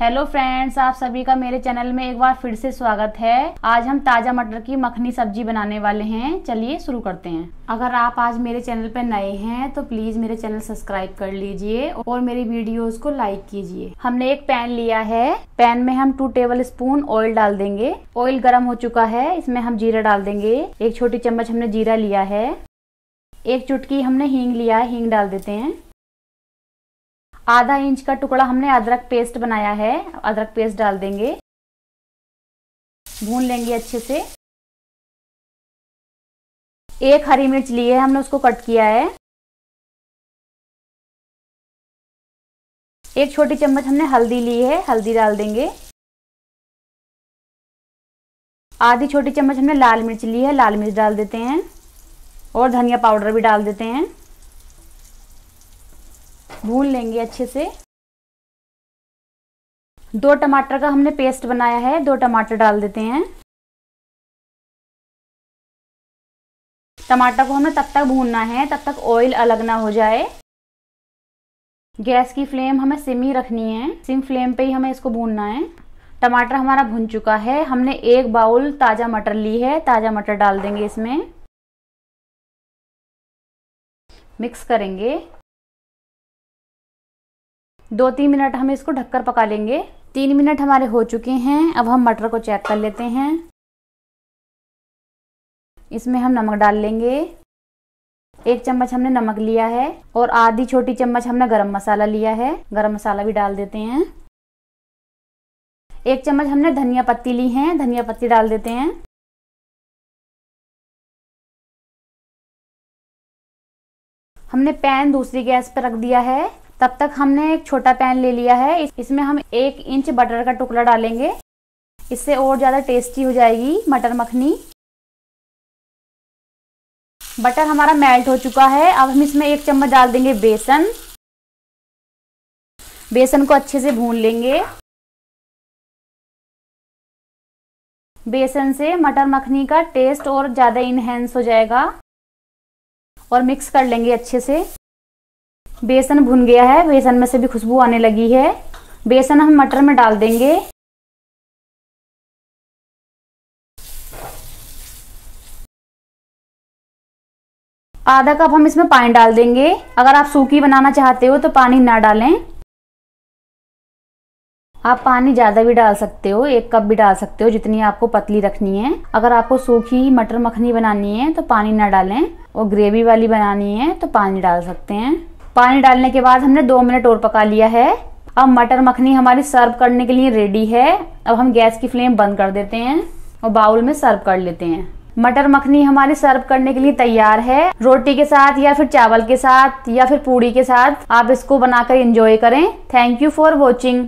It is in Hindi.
हेलो फ्रेंड्स आप सभी का मेरे चैनल में एक बार फिर से स्वागत है आज हम ताज़ा मटर की मखनी सब्जी बनाने वाले हैं चलिए शुरू करते हैं अगर आप आज मेरे चैनल पर नए हैं तो प्लीज़ मेरे चैनल सब्सक्राइब कर लीजिए और मेरी वीडियोस को लाइक कीजिए हमने एक पैन लिया है पैन में हम टू टेबल स्पून ऑयल डाल देंगे ऑयल गर्म हो चुका है इसमें हम जीरा डाल देंगे एक छोटी चम्मच हमने जीरा लिया है एक चुटकी हमने हींग लिया है हींग डाल देते हैं आधा इंच का टुकड़ा हमने अदरक पेस्ट बनाया है अदरक पेस्ट डाल देंगे भून लेंगे अच्छे से एक हरी मिर्च ली है हमने उसको कट किया है एक छोटी चम्मच हमने हल्दी ली है हल्दी डाल देंगे आधी छोटी चम्मच हमने लाल मिर्च ली है लाल मिर्च डाल देते हैं और धनिया पाउडर भी डाल देते हैं भून लेंगे अच्छे से दो टमाटर का हमने पेस्ट बनाया है दो टमाटर डाल देते हैं टमाटर को हमें तब तक भूनना है तब तक ऑयल अलग ना हो जाए गैस की फ्लेम हमें सिम ही रखनी है सिम फ्लेम पे ही हमें इसको भूनना है टमाटर हमारा भुन चुका है हमने एक बाउल ताज़ा मटर ली है ताज़ा मटर डाल देंगे इसमें मिक्स करेंगे दो तीन मिनट हम इसको ढककर पका लेंगे तीन मिनट हमारे हो चुके हैं अब हम मटर को चेक कर लेते हैं इसमें हम नमक डाल लेंगे एक चम्मच हमने नमक लिया है और आधी छोटी चम्मच हमने गरम मसाला लिया है गरम मसाला भी डाल देते हैं एक चम्मच हमने धनिया पत्ती ली है धनिया पत्ती डाल देते हैं हमने पैन दूसरी गैस पर रख दिया है तब तक हमने एक छोटा पैन ले लिया है इसमें हम एक इंच बटर का टुकड़ा डालेंगे इससे और ज़्यादा टेस्टी हो जाएगी मटर मखनी बटर हमारा मेल्ट हो चुका है अब हम इसमें एक चम्मच डाल देंगे बेसन बेसन को अच्छे से भून लेंगे बेसन से मटर मखनी का टेस्ट और ज़्यादा इन्हेंस हो जाएगा और मिक्स कर लेंगे अच्छे से बेसन भुन गया है बेसन में से भी खुशबू आने लगी है बेसन हम मटर में डाल देंगे आधा कप हम इसमें पानी डाल देंगे अगर आप सूखी बनाना चाहते हो तो पानी ना डालें आप पानी ज़्यादा भी डाल सकते हो एक कप भी डाल सकते हो जितनी आपको पतली रखनी है अगर आपको सूखी मटर मखनी बनानी है तो पानी ना डालें और ग्रेवी वाली बनानी है तो पानी डाल सकते हैं पानी डालने के बाद हमने दो मिनट और पका लिया है अब मटर मखनी हमारी सर्व करने के लिए रेडी है अब हम गैस की फ्लेम बंद कर देते हैं और बाउल में सर्व कर लेते हैं मटर मखनी हमारी सर्व करने के लिए तैयार है रोटी के साथ या फिर चावल के साथ या फिर पूड़ी के साथ आप इसको बनाकर एंजॉय करें थैंक यू फॉर वॉचिंग